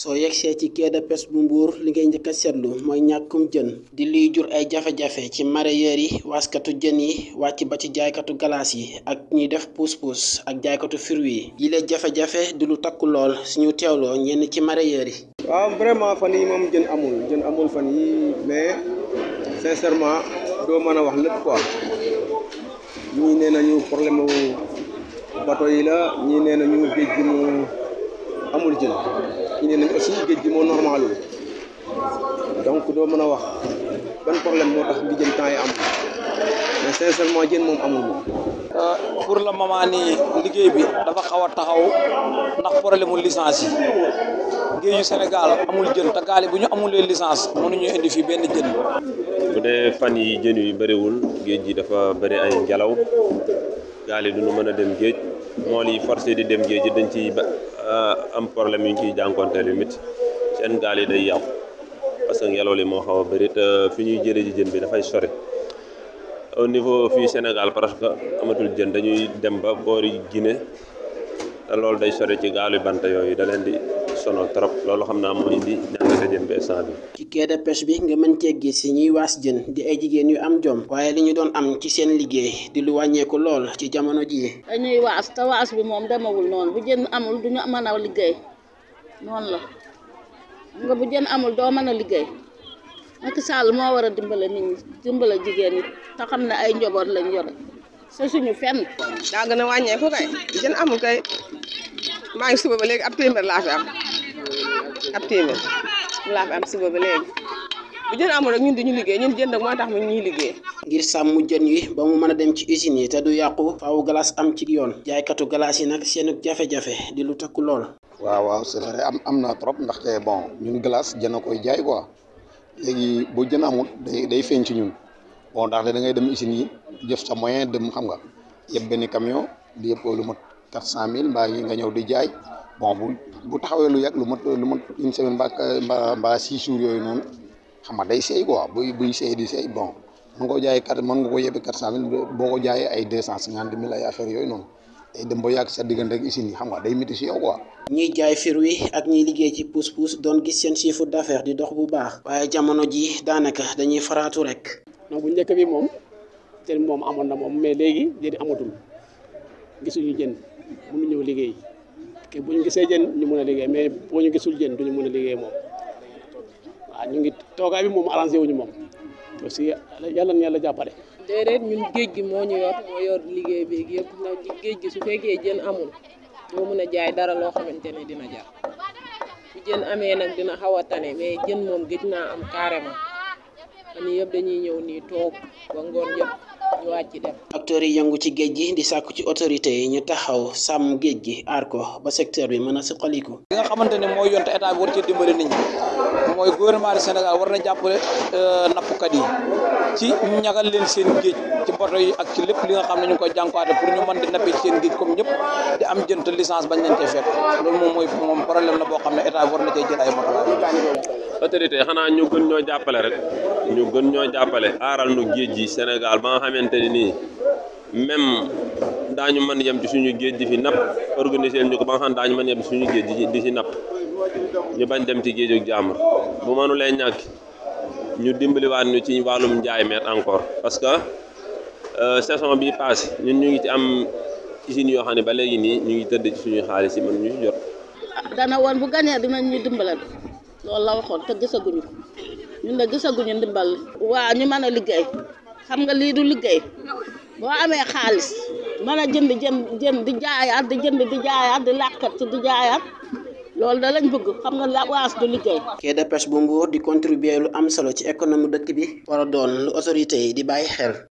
soo yegsee ci quai de pêche bu mbuur li ngay njëkk a seetlu mooy ñàkkum jën di luy jur ay jafe-jafe ci mareyeur yi waskatu jën yi wàcc ba ci jaaykatu galaas yi ak ñiy def puus-puus ak jaaykatu fruit yi yile jafe-jafe di lu takku lool suñu teewloo ñenn ci mareyeur yi waaw vraiment fan yi moom jën amul jën amul fan yi mais sincèrement doo mën a wax lépp quoi ñii nee nañu problème bato yi la ñii nee nañu géej gi mu amul jën indi géej gi moo normalul donc doo mën a wax ban problème moo tax di jën temps yi amul mais sincèrement jën moom amul moom. Euh, pour la moment nii liggéey bi dafa xaw a taxaw ndax problème mu licence yi géeju Sénégal amul jën te gaale bu ñu amulee licence mënuñu indi fi benn jën. bu dee fan yi jën yu bëriwul géej gi dafa bëri ay ngelaw. gaali du duñu mëna dem geej mo li forcé di dem geej dañ ci ah, am problème yu ci jankonté jànkonteel yu mit seen gaal day yaw parce que yalo li mo xaw bari te fi ñuy jëlee ji jën bi fay sori au niveau fi Sénégal que amatul jën dañuy dem ba boori guiné da loolu day sori ci gaalu banta yoyu da len di sono trop loolu xamna naa indi fi ci quai de bi nga mën cee gis si ñuy waas jën di ay jigéen yu am jom waaye li ñu doon am ci seen liggéey di lu wàññeeku lool ci jamono jii dañuy waas te waas bi moom demawul noonu bu jën amul du ñu mën a liggéey noonu la nga bu jën amul doo mën a liggéey Macky Sall moo war a dimbale nit ñi dimbale jigéen ñi te xam ne ay njoboot lañ yore so suñu fenn daa gën a wàññeeku kay jën amul kay maa ngi suba ba léegi ab téeméer laa fi am ab téeméer laa am suba ba léegi bu jën amul rek ñun duñu liggéey ñun jënd rek moo tax mu ñuy liggéey ngir sàmm jën yi ba mu mën a dem ci usines yi te du yàqu faaw glace am ci yoon jaaykatu glace yi nag seenu jafe-jafe di lu takku lool waaw waaw c'est vrai am am na trop ndaxte bon ñun glace jën a koy jaay quoi léegi bu jën amul day day feeñ ci ñun bon ndaxte da ngay dem usines yi jëf sa moyen dem xam nga yëpp benn camion di yëpp lu mot quatre cent mille mbaa yi nga ñëw di jaay bon bu bu taxawee lu yàgg lu mat lu mat une semaine mbaa mbaa six jours yooyu noonu xam nga day seey quoi buy buy seey di seey bon mën nga ko jaayee mën nga ko yebbi quatre cent boo ko jaayee ay deux cent cinquante mille ay affaires yooyu noonu day dem ba yàgg sa diggante ak usine nga day métti si yow quoi. ñiy jaay fruits ak ñiy liggéey ci pousse-pousse doon gis seen chiffre d'affaires di dox bu baax. waaye jamono ji daanaka dañuy faraatu rek. donc bu njëkk bi moom te moom amoon na moom mais léegi léegi amatul gisuñu jënd. mënu ñëw liggéey te bu ñu gisee jën ñu mën a liggéey mais boo ñu gisul jën duñu mën a liggéey moom waaw ñu ngi toogaay bi moom arrangé wuñu moom aussi yàlla na jàppale déedéet géej gi moo ñu yor liggéey bi yëpp géej gi su fekkee jën amul doo mën a jaay dara loo xamante ni dina jar bu jën amee nag dina xaw a tane mais jën moom géej naa am carrément fan yëpp dañuy ñëw nii toog ba ngoon yëpp ñu wàcc dem. acteurs yi yëngu ci géej gi di sàkku ci autorité yi ñu taxaw sàmm géej gi aar ba secteur bi mën a suqaliku. li nga xamante ne mooy yoon te état bi war ci dimbale nit mooy gouvernement du Sénégal war na jàppale euh, nappkat yi ci ñagal leen seen géej ci bato yi ak ci lépp li nga xam ne ñu ngi koy jànkuwaate pour ñu mën di nappi ci seen ñëpp am jënt licence bañ leen cee fekk loolu moom mooy moom problème na boo xam ne état bi war na cee jël ay matuwaay autorité xanaa ñu gën ñoo jàppale rek ñu gën ñoo jàppale aaral nu géej gi Sénégal ba nga xamante ne nii même daañu mën yem suñu géej di fi napp organiser ñu ko ba nga xam daañu yem ci suñu géej di di ci napp ñu bañ dem ci géej ak jàmm bu mënu lay ñàkk ñu dimbaliwaat ñu ci wàllum njaay meet encore parce que euh, saison bi passé ñun ñu ngi ci am usines yoo xam ne ba léegi nii ñu ngi tëdd ci suñuy xaalis yi mën ñu jot. dana woon bu ganee dinañ ñu dimbalal loolu la waxoon te gisaguñu ko. ñun de gisaguñu ndimbal waa ñu mën a liggéey xam nga lii du liggéey boo amee xaalis mën a jënd jën jënd di jaayaat di jënd di jaayaat di làkkat ci di jaayaat loolu da lañ bëgg xam nga la waas du liggéey. quai de bu Mbour di contribuer lu am solo ci économie dëkk bi. war a doon lu autorité yi di bàyyi xel.